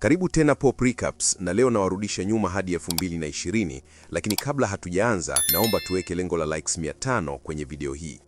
Karibu tena Pop Recaps, na leo nawarudisha nyuma hadi 2020, lakini kabla hatujaanza, naomba tuweke lengo la likes 500 kwenye video hii.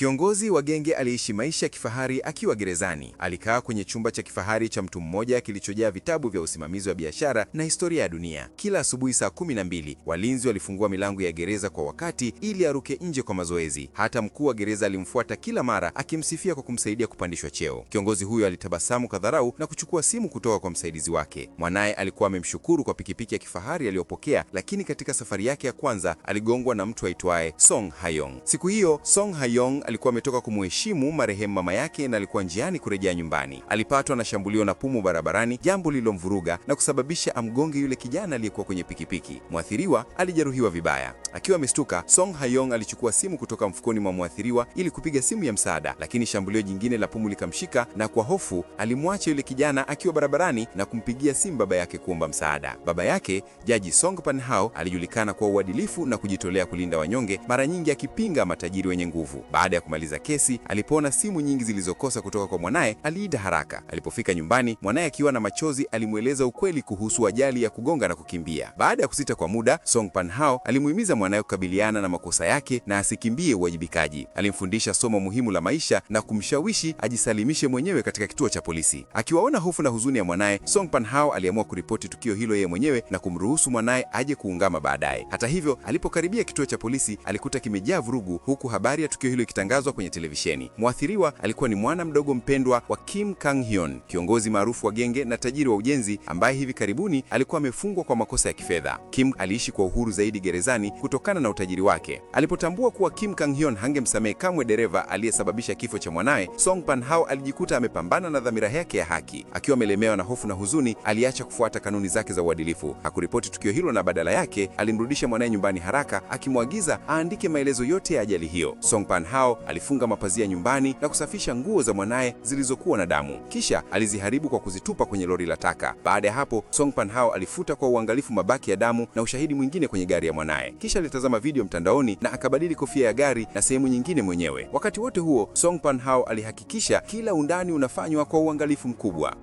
Kiongozi wa genge aliishi maisha ya kifahari akiwa gerezani. Alikaa kwenye chumba cha kifahari cha mtu mmoja kilichojaa vitabu vya usimamizi wa biashara na historia ya dunia. Kila asubuhi saa kumi na mbili walinzi walifungua milango ya gereza kwa wakati ili aruke nje kwa mazoezi. Hata mkuu wa gereza alimfuata kila mara akimsifia kwa kumsaidia kupandishwa cheo. Kiongozi huyo alitabasamu kwa dharau na kuchukua simu kutoka kwa msaidizi wake. Mwanaye alikuwa amemshukuru kwa pikipiki ya kifahari aliyopokea, lakini katika safari yake ya kwanza aligongwa na mtu aitwaye Song Hayong. Siku hiyo Song Hayong alikuwa ametoka kumuheshimu marehemu mama yake na alikuwa njiani kurejea nyumbani. Alipatwa na shambulio na pumu barabarani, jambo lilomvuruga na kusababisha amgonge yule kijana aliyekuwa kwenye pikipiki. Mwathiriwa alijeruhiwa vibaya. Akiwa amestuka, Song Hayong alichukua simu kutoka mfukoni mwa mwathiriwa ili kupiga simu ya msaada, lakini shambulio jingine la pumu likamshika na kwa hofu alimwacha yule kijana akiwa barabarani na kumpigia simu baba yake kuomba msaada. Baba yake, Jaji Song Panhao, alijulikana kwa uadilifu na kujitolea kulinda wanyonge, mara nyingi akipinga matajiri wenye nguvu. Baada baada ya kumaliza kesi, alipoona simu nyingi zilizokosa kutoka kwa mwanaye, aliita haraka. Alipofika nyumbani, mwanaye akiwa na machozi alimweleza ukweli kuhusu ajali ya kugonga na kukimbia. Baada ya kusita kwa muda, Song Pan Hao alimuhimiza mwanaye kukabiliana na makosa yake na asikimbie uwajibikaji. Alimfundisha somo muhimu la maisha na kumshawishi ajisalimishe mwenyewe katika kituo cha polisi. Akiwaona hofu na huzuni ya mwanaye, Song Pan Hao aliamua kuripoti tukio hilo yeye mwenyewe na kumruhusu mwanaye aje kuungama baadaye. Hata hivyo, alipokaribia kituo cha polisi, alikuta kimejaa vurugu huku habari ya tukio hilo zilitangazwa kwenye televisheni. Mwathiriwa alikuwa ni mwana mdogo mpendwa wa Kim Kang Hyun, kiongozi maarufu wa genge na tajiri wa ujenzi ambaye hivi karibuni alikuwa amefungwa kwa makosa ya kifedha. Kim aliishi kwa uhuru zaidi gerezani kutokana na utajiri wake. Alipotambua kuwa Kim Kang Hyun hangemsamehe kamwe dereva aliyesababisha kifo cha mwanaye Song Pan-hao alijikuta amepambana na dhamira yake ya haki. Akiwa amelemewa na hofu na huzuni, aliacha kufuata kanuni zake za uadilifu. Hakuripoti tukio hilo na badala yake alimrudisha mwanaye nyumbani haraka, akimwagiza aandike maelezo yote ya ajali hiyo. Song Pan-hao mbao, alifunga mapazia nyumbani na kusafisha nguo za mwanaye zilizokuwa na damu, kisha aliziharibu kwa kuzitupa kwenye lori la taka. Baada ya hapo, Song Pan-hao alifuta kwa uangalifu mabaki ya damu na ushahidi mwingine kwenye gari ya mwanaye, kisha alitazama video mtandaoni na akabadili kofia ya gari na sehemu nyingine mwenyewe. Wakati wote huo, Song Pan-hao alihakikisha kila undani unafanywa kwa uangalifu mkubwa.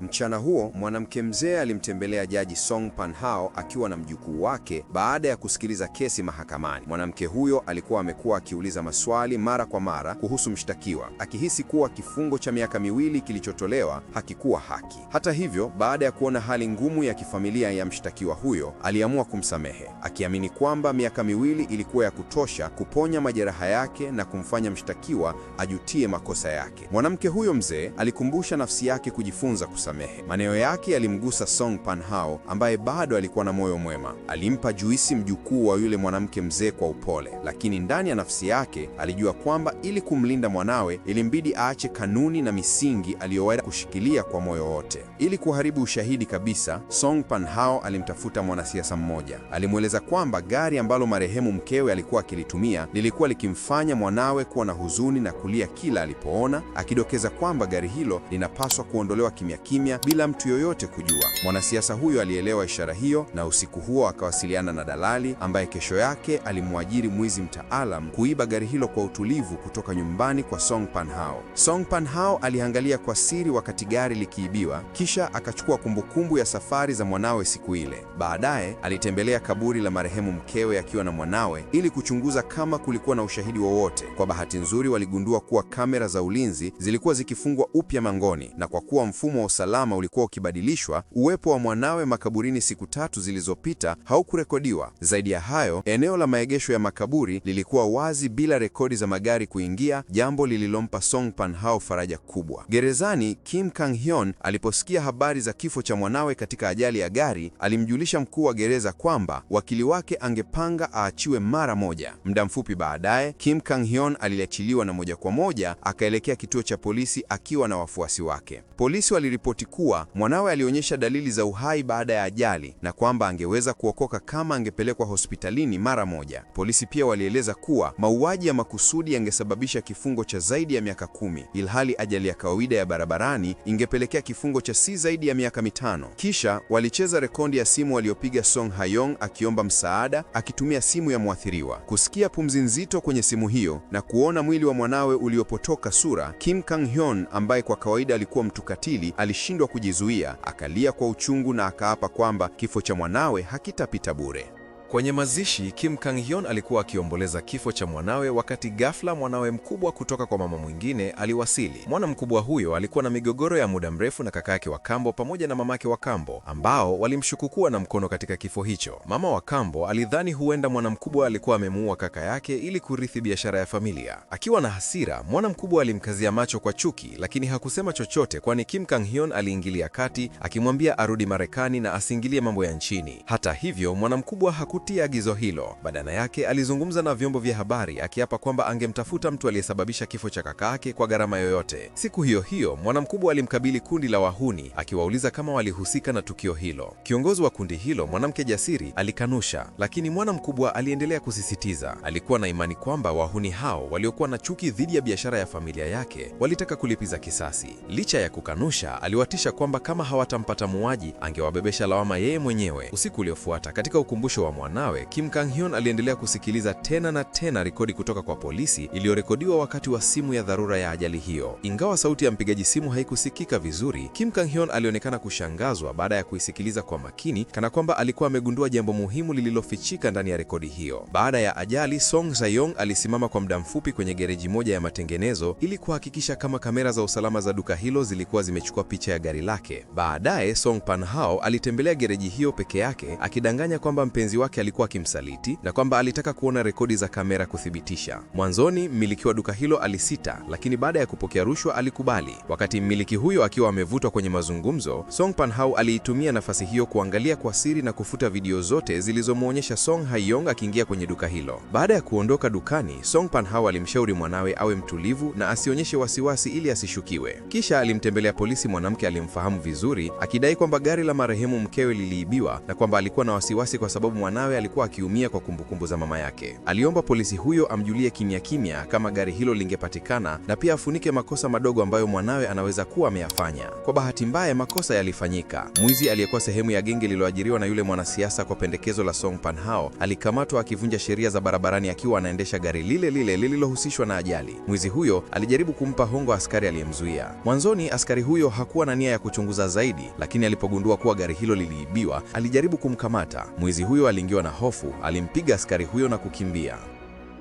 Mchana huo mwanamke mzee alimtembelea Jaji Song Hao akiwa na mjukuu wake baada ya kusikiliza kesi mahakamani. Mwanamke huyo alikuwa amekuwa akiuliza maswali mara kwa mara kuhusu mshtakiwa, akihisi kuwa kifungo cha miaka miwili kilichotolewa hakikuwa haki. Hata hivyo, baada ya kuona hali ngumu ya kifamilia ya mshtakiwa huyo, aliamua kumsamehe, akiamini kwamba miaka miwili ilikuwa ya kutosha kuponya majeraha yake na kumfanya mshtakiwa ajutie makosa yake. Mwanamke huyo mzee alikumbusha nafsi yake kujifunza kumsamehe. Maneno yake yalimgusa Song Panhao ambaye bado alikuwa na moyo mwema. Alimpa juisi mjukuu wa yule mwanamke mzee kwa upole, lakini ndani ya nafsi yake alijua kwamba ili kumlinda mwanawe ilimbidi aache kanuni na misingi aliyoweza kushikilia kwa moyo wote. Ili kuharibu ushahidi kabisa, Song Panhao alimtafuta mwanasiasa mmoja. Alimweleza kwamba gari ambalo marehemu mkewe alikuwa akilitumia lilikuwa likimfanya mwanawe kuwa na huzuni na kulia kila alipoona, akidokeza kwamba gari hilo linapaswa kuondolewa kimya kimya kimya bila mtu yoyote kujua. Mwanasiasa huyo alielewa ishara hiyo, na usiku huo akawasiliana na dalali ambaye kesho yake alimwajiri mwizi mtaalam kuiba gari hilo kwa utulivu kutoka nyumbani kwa Song Hao. Song Hao aliangalia kwa siri wakati gari likiibiwa, kisha akachukua kumbukumbu ya safari za mwanawe siku ile. Baadaye alitembelea kaburi la marehemu mkewe akiwa na mwanawe ili kuchunguza kama kulikuwa na ushahidi wowote. Kwa bahati nzuri, waligundua kuwa kamera za ulinzi zilikuwa zikifungwa upya mangoni, na kwa kuwa mfumo wa usalama ulikuwa ukibadilishwa, uwepo wa mwanawe makaburini siku tatu zilizopita haukurekodiwa. Zaidi ya hayo, eneo la maegesho ya makaburi lilikuwa wazi bila rekodi za magari kuingia, jambo lililompa Song Pan-hao faraja kubwa. Gerezani, Kim kang Hyun aliposikia habari za kifo cha mwanawe katika ajali ya gari, alimjulisha mkuu wa gereza kwamba wakili wake angepanga aachiwe mara moja. Muda mfupi baadaye, Kim kang Hyun aliachiliwa na moja kwa moja akaelekea kituo cha polisi akiwa na wafuasi wake. Polisi waliripoti ripoti kuwa mwanawe alionyesha dalili za uhai baada ya ajali na kwamba angeweza kuokoka kama angepelekwa hospitalini mara moja. Polisi pia walieleza kuwa mauaji ya makusudi yangesababisha kifungo cha zaidi ya miaka kumi, ilhali ajali ya kawaida ya barabarani ingepelekea kifungo cha si zaidi ya miaka mitano. Kisha walicheza rekodi ya simu waliyopiga Song Hayong akiomba msaada akitumia simu ya mwathiriwa. Kusikia pumzi nzito kwenye simu hiyo na kuona mwili wa mwanawe uliopotoka sura, Kim Kang Hyun ambaye kwa kawaida alikuwa mtu katili alish alishindwa kujizuia, akalia kwa uchungu na akaapa kwamba kifo cha mwanawe hakitapita bure. Kwenye mazishi, Kim Kang Hyun alikuwa akiomboleza kifo cha mwanawe wakati ghafla mwanawe mkubwa kutoka kwa mama mwingine aliwasili. Mwana mkubwa huyo alikuwa na migogoro ya muda mrefu na kaka yake wa kambo pamoja na mamake wa kambo ambao walimshukukua na mkono katika kifo hicho. Mama wa kambo alidhani huenda mwana mkubwa alikuwa amemuua kaka yake ili kurithi biashara ya familia. Akiwa na hasira, mwana mkubwa alimkazia macho kwa chuki, lakini hakusema chochote kwani Kim Kang Hyun aliingilia kati akimwambia arudi Marekani na asiingilie mambo ya nchini. Hata hivyo, mwana mkubwa haku hakutii agizo hilo. Badala yake alizungumza na vyombo vya habari akiapa kwamba angemtafuta mtu aliyesababisha kifo cha yake kwa gharama yoyote. Siku hiyo hiyo, mwanamkubwa alimkabili kundi la wahuni akiwauliza kama walihusika na tukio hilo. Kiongozi wa kundi hilo, mwanamke jasiri, alikanusha, lakini mwanamkubwa aliendelea kusisitiza. Alikuwa na imani kwamba wahuni hao waliokuwa na chuki dhidi ya biashara ya familia yake walitaka kulipiza kisasi. Licha ya kukanusha, aliwatisha kwamba kama hawatampata muuaji angewabebesha lawama yeye mwenyewe. Usiku uliofuata katika ukumbusho wa mwana wanawe, Kim Kang Hyun aliendelea kusikiliza tena na tena rekodi kutoka kwa polisi iliyorekodiwa wakati wa simu ya dharura ya ajali hiyo. Ingawa sauti ya mpigaji simu haikusikika vizuri, Kim Kang Hyun alionekana kushangazwa baada ya kuisikiliza kwa makini, kana kwamba alikuwa amegundua jambo muhimu lililofichika ndani ya rekodi hiyo. Baada ya ajali, Song Zayong alisimama kwa muda mfupi kwenye gereji moja ya matengenezo ili kuhakikisha kama kamera za usalama za duka hilo zilikuwa zimechukua picha ya gari lake. Baadaye Song Panhao alitembelea gereji hiyo peke yake akidanganya kwamba mpenzi wake yake alikuwa akimsaliti na kwamba alitaka kuona rekodi za kamera kuthibitisha. Mwanzoni mmiliki wa duka hilo alisita, lakini baada ya kupokea rushwa alikubali. Wakati mmiliki huyo akiwa amevutwa kwenye mazungumzo, Song Panhao aliitumia nafasi hiyo kuangalia kwa siri na kufuta video zote zilizomwonyesha Song Haiyong akiingia kwenye duka hilo. Baada ya kuondoka dukani, Song Panhao alimshauri mwanawe awe mtulivu na asionyeshe wasiwasi ili asishukiwe. Kisha alimtembelea polisi mwanamke alimfahamu vizuri, akidai kwamba gari la marehemu mkewe liliibiwa na kwamba alikuwa na wasiwasi kwa sababu mwanawe mwanawe alikuwa akiumia kwa kumbukumbu za mama yake. Aliomba polisi huyo amjulie kimya kimya kama gari hilo lingepatikana na pia afunike makosa madogo ambayo mwanawe anaweza kuwa ameyafanya. Kwa bahati mbaya, makosa yalifanyika. Mwizi aliyekuwa sehemu ya genge lililoajiriwa na yule mwanasiasa kwa pendekezo la Song Pan Hao alikamatwa akivunja sheria za barabarani akiwa anaendesha gari lile lile lililohusishwa na ajali. Mwizi huyo alijaribu kumpa hongo askari aliyemzuia. Mwanzoni askari huyo hakuwa na nia ya kuchunguza zaidi, lakini alipogundua kuwa gari hilo liliibiwa, alijaribu kumkamata. Mwizi huyo aliingia akiwa na hofu, alimpiga askari huyo na kukimbia.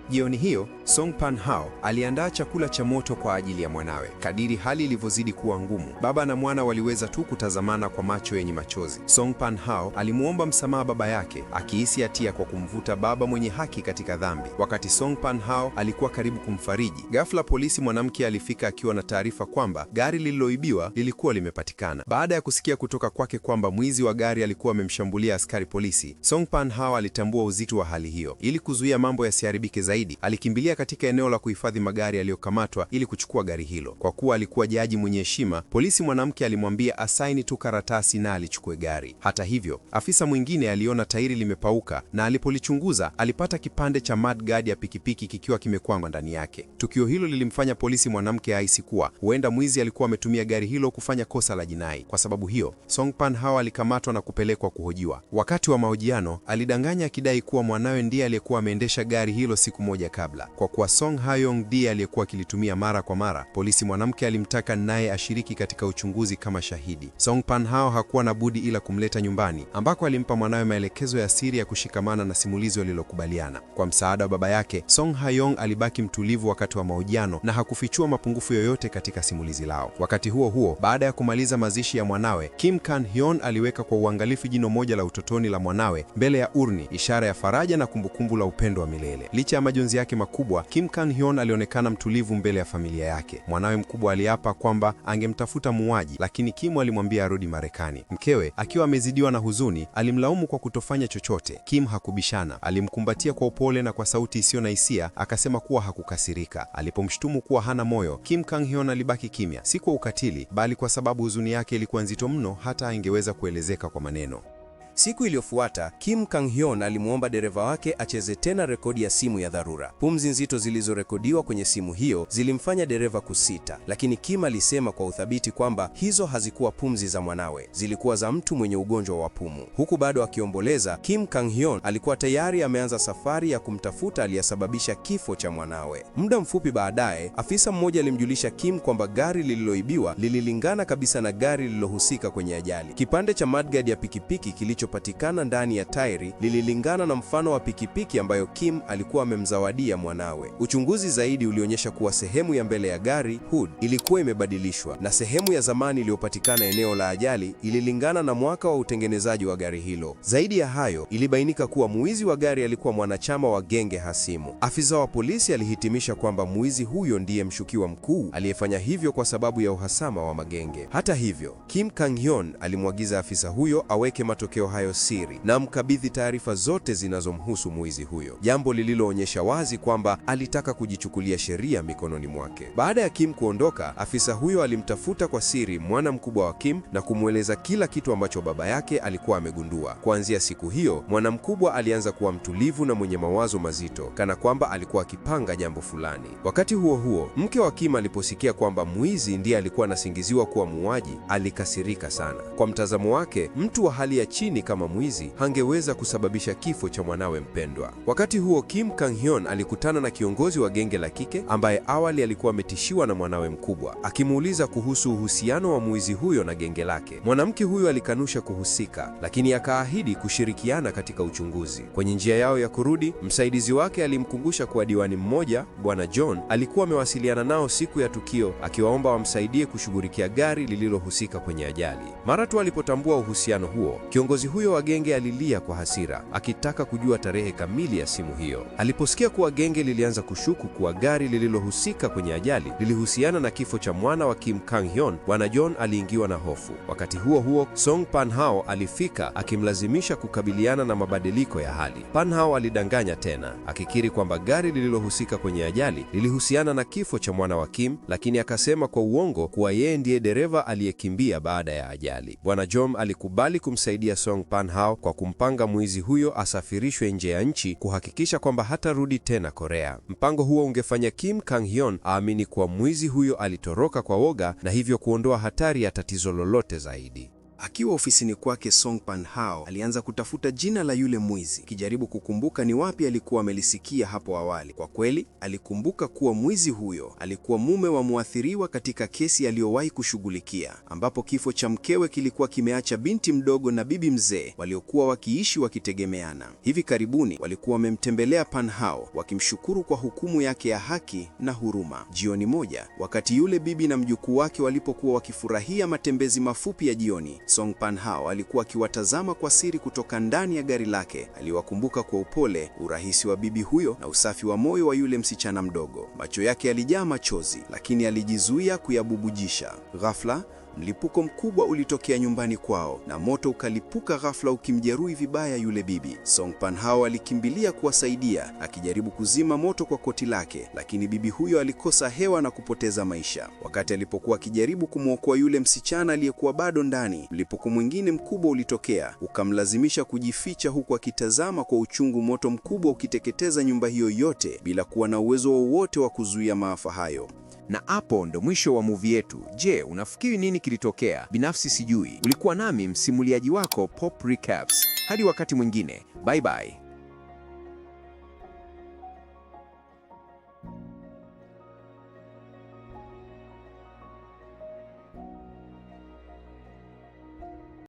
Jioni hiyo Song Pan Hao aliandaa chakula cha moto kwa ajili ya mwanawe. Kadiri hali ilivyozidi kuwa ngumu, baba na mwana waliweza tu kutazamana kwa macho yenye machozi. Song Pan Hao alimwomba msamaha baba yake, akihisi hatia kwa kumvuta baba mwenye haki katika dhambi. Wakati Song Pan Hao alikuwa karibu kumfariji, ghafla polisi mwanamke alifika akiwa na taarifa kwamba gari lililoibiwa lilikuwa limepatikana. Baada ya kusikia kutoka kwake kwamba mwizi wa gari alikuwa amemshambulia askari polisi, Song Pan Hao alitambua uzito wa hali hiyo. Ili kuzuia mambo yasiharibike zaidi zaidi, alikimbilia katika eneo la kuhifadhi magari aliyokamatwa ili kuchukua gari hilo. Kwa kuwa alikuwa jaji mwenye heshima, polisi mwanamke alimwambia asaini tu karatasi na alichukue gari. Hata hivyo, afisa mwingine aliona tairi limepauka na alipolichunguza alipata kipande cha mudguard ya pikipiki kikiwa kimekwangwa ndani yake. Tukio hilo lilimfanya polisi mwanamke ahisi kuwa huenda mwizi alikuwa ametumia gari hilo kufanya kosa la jinai. Kwa sababu hiyo, Songpan Hao alikamatwa na kupelekwa kuhojiwa. Wakati wa mahojiano, alidanganya akidai kuwa mwanawe ndiye aliyekuwa ameendesha gari hilo siku moja kabla. Kwa kuwa Song Hayong ndiye aliyekuwa akilitumia mara kwa mara, polisi mwanamke alimtaka naye ashiriki katika uchunguzi kama shahidi. Song Pan-hao hakuwa na budi ila kumleta nyumbani, ambako alimpa mwanawe maelekezo ya siri ya kushikamana na simulizi walilokubaliana. Kwa msaada wa baba yake, Song Hayong alibaki mtulivu wakati wa mahojiano na hakufichua mapungufu yoyote katika simulizi lao. Wakati huo huo, baada ya kumaliza mazishi ya mwanawe, Kim Kan-hyon aliweka kwa uangalifu jino moja la utotoni la mwanawe mbele ya urni, ishara ya faraja na kumbukumbu la upendo wa milele. Licha ya majonzi yake makubwa, Kim Kang Hyun alionekana mtulivu mbele ya familia yake. Mwanawe mkubwa aliapa kwamba angemtafuta muuaji, lakini Kim alimwambia arudi Marekani. Mkewe akiwa amezidiwa na huzuni, alimlaumu kwa kutofanya chochote. Kim hakubishana, alimkumbatia kwa upole na kwa sauti isiyo na hisia, akasema kuwa hakukasirika. Alipomshutumu kuwa hana moyo, Kim Kang Hyun alibaki kimya, si kwa ukatili, bali kwa sababu huzuni yake ilikuwa nzito mno, hata ingeweza kuelezeka kwa maneno. Siku iliyofuata Kim Kang Hyun alimwomba dereva wake acheze tena rekodi ya simu ya dharura. Pumzi nzito zilizorekodiwa kwenye simu hiyo zilimfanya dereva kusita, lakini Kim alisema kwa uthabiti kwamba hizo hazikuwa pumzi za mwanawe, zilikuwa za mtu mwenye ugonjwa wa pumu. Huku bado akiomboleza, Kim Kang Hyun alikuwa tayari ameanza safari ya kumtafuta aliyesababisha kifo cha mwanawe. Muda mfupi baadaye, afisa mmoja alimjulisha Kim kwamba gari lililoibiwa lililingana kabisa na gari lililohusika kwenye ajali. Kipande cha mudguard ya pikipiki kilicho kilichopatikana ndani ya tairi lililingana na mfano wa pikipiki ambayo Kim alikuwa amemzawadia mwanawe. Uchunguzi zaidi ulionyesha kuwa sehemu ya mbele ya gari hood ilikuwa imebadilishwa na sehemu ya zamani iliyopatikana eneo la ajali ililingana na mwaka wa utengenezaji wa gari hilo. Zaidi ya hayo, ilibainika kuwa muizi wa gari alikuwa mwanachama wa genge hasimu. Afisa wa polisi alihitimisha kwamba muizi huyo ndiye mshukiwa mkuu aliyefanya hivyo kwa sababu ya uhasama wa magenge. Hata hivyo, Kim Kang-hyun alimwagiza afisa huyo aweke matokeo hayo siri na mkabidhi taarifa zote zinazomhusu mwizi huyo, jambo lililoonyesha wazi kwamba alitaka kujichukulia sheria mikononi mwake. Baada ya Kim kuondoka, afisa huyo alimtafuta kwa siri mwana mkubwa wa Kim na kumweleza kila kitu ambacho baba yake alikuwa amegundua. Kuanzia siku hiyo, mwana mkubwa alianza kuwa mtulivu na mwenye mawazo mazito, kana kwamba alikuwa akipanga jambo fulani. Wakati huo huo, mke wa Kim aliposikia kwamba mwizi ndiye alikuwa anasingiziwa kuwa muuaji, alikasirika sana. Kwa mtazamo wake, mtu wa hali ya chini kama mwizi hangeweza kusababisha kifo cha mwanawe mpendwa. Wakati huo, Kim Kang Hyun alikutana na kiongozi wa genge la kike ambaye awali alikuwa ametishiwa na mwanawe mkubwa, akimuuliza kuhusu uhusiano wa mwizi huyo na genge lake. Mwanamke huyo alikanusha kuhusika, lakini akaahidi kushirikiana katika uchunguzi. Kwenye njia yao ya kurudi, msaidizi wake alimkumbusha kuwa diwani mmoja, Bwana John, alikuwa amewasiliana nao siku ya tukio akiwaomba wamsaidie kushughulikia gari lililohusika kwenye ajali. Mara tu alipotambua uhusiano huo, kiongozi huyo wa genge alilia kwa hasira, akitaka kujua tarehe kamili ya simu hiyo. Aliposikia kuwa genge lilianza kushuku kuwa gari lililohusika kwenye ajali lilihusiana na kifo cha mwana wa Kim Kang Hyon, Bwana John aliingiwa na hofu. Wakati huo huo, Song Hao alifika akimlazimisha kukabiliana na mabadiliko ya hali. Hao alidanganya tena, akikiri kwamba gari lililohusika kwenye ajali lilihusiana na kifo cha mwana wa Kim, lakini akasema kwa uongo kuwa yeye ndiye dereva aliyekimbia baada ya ajali. Bwana John alikubali kumsaidia Song hao kwa kumpanga mwizi huyo asafirishwe nje ya nchi kuhakikisha kwamba hatarudi tena Korea. Mpango huo ungefanya Kim Kang Hyun aamini kuwa mwizi huyo alitoroka kwa woga na hivyo kuondoa hatari ya tatizo lolote zaidi. Akiwa ofisini kwake, Song Pan Hao alianza kutafuta jina la yule mwizi, akijaribu kukumbuka ni wapi alikuwa amelisikia hapo awali. Kwa kweli, alikumbuka kuwa mwizi huyo alikuwa mume wa mwathiriwa katika kesi aliyowahi kushughulikia, ambapo kifo cha mkewe kilikuwa kimeacha binti mdogo na bibi mzee waliokuwa wakiishi wakitegemeana. Hivi karibuni walikuwa wamemtembelea Pan Hao wakimshukuru kwa hukumu yake ya haki na huruma. Jioni moja, wakati yule bibi na mjukuu wake walipokuwa wakifurahia matembezi mafupi ya jioni Song Pan Hao alikuwa akiwatazama kwa siri kutoka ndani ya gari lake. Aliwakumbuka kwa upole, urahisi wa bibi huyo na usafi wa moyo wa yule msichana mdogo. Macho yake yalijaa machozi, lakini alijizuia kuyabubujisha. Ghafla Mlipuko mkubwa ulitokea nyumbani kwao na moto ukalipuka ghafla, ukimjeruhi vibaya yule bibi. Song Panhao alikimbilia kuwasaidia akijaribu kuzima moto kwa koti lake, lakini bibi huyo alikosa hewa na kupoteza maisha. Wakati alipokuwa akijaribu kumwokoa yule msichana aliyekuwa bado ndani, mlipuko mwingine mkubwa ulitokea ukamlazimisha kujificha, huku akitazama kwa uchungu moto mkubwa ukiteketeza nyumba hiyo yote bila kuwa na uwezo wowote wa kuzuia maafa hayo. Na hapo ndo mwisho wa muvi yetu. Je, unafikiri nini kilitokea? Binafsi sijui. Ulikuwa nami msimuliaji wako Pop Recaps. Hadi wakati mwingine, bye bye.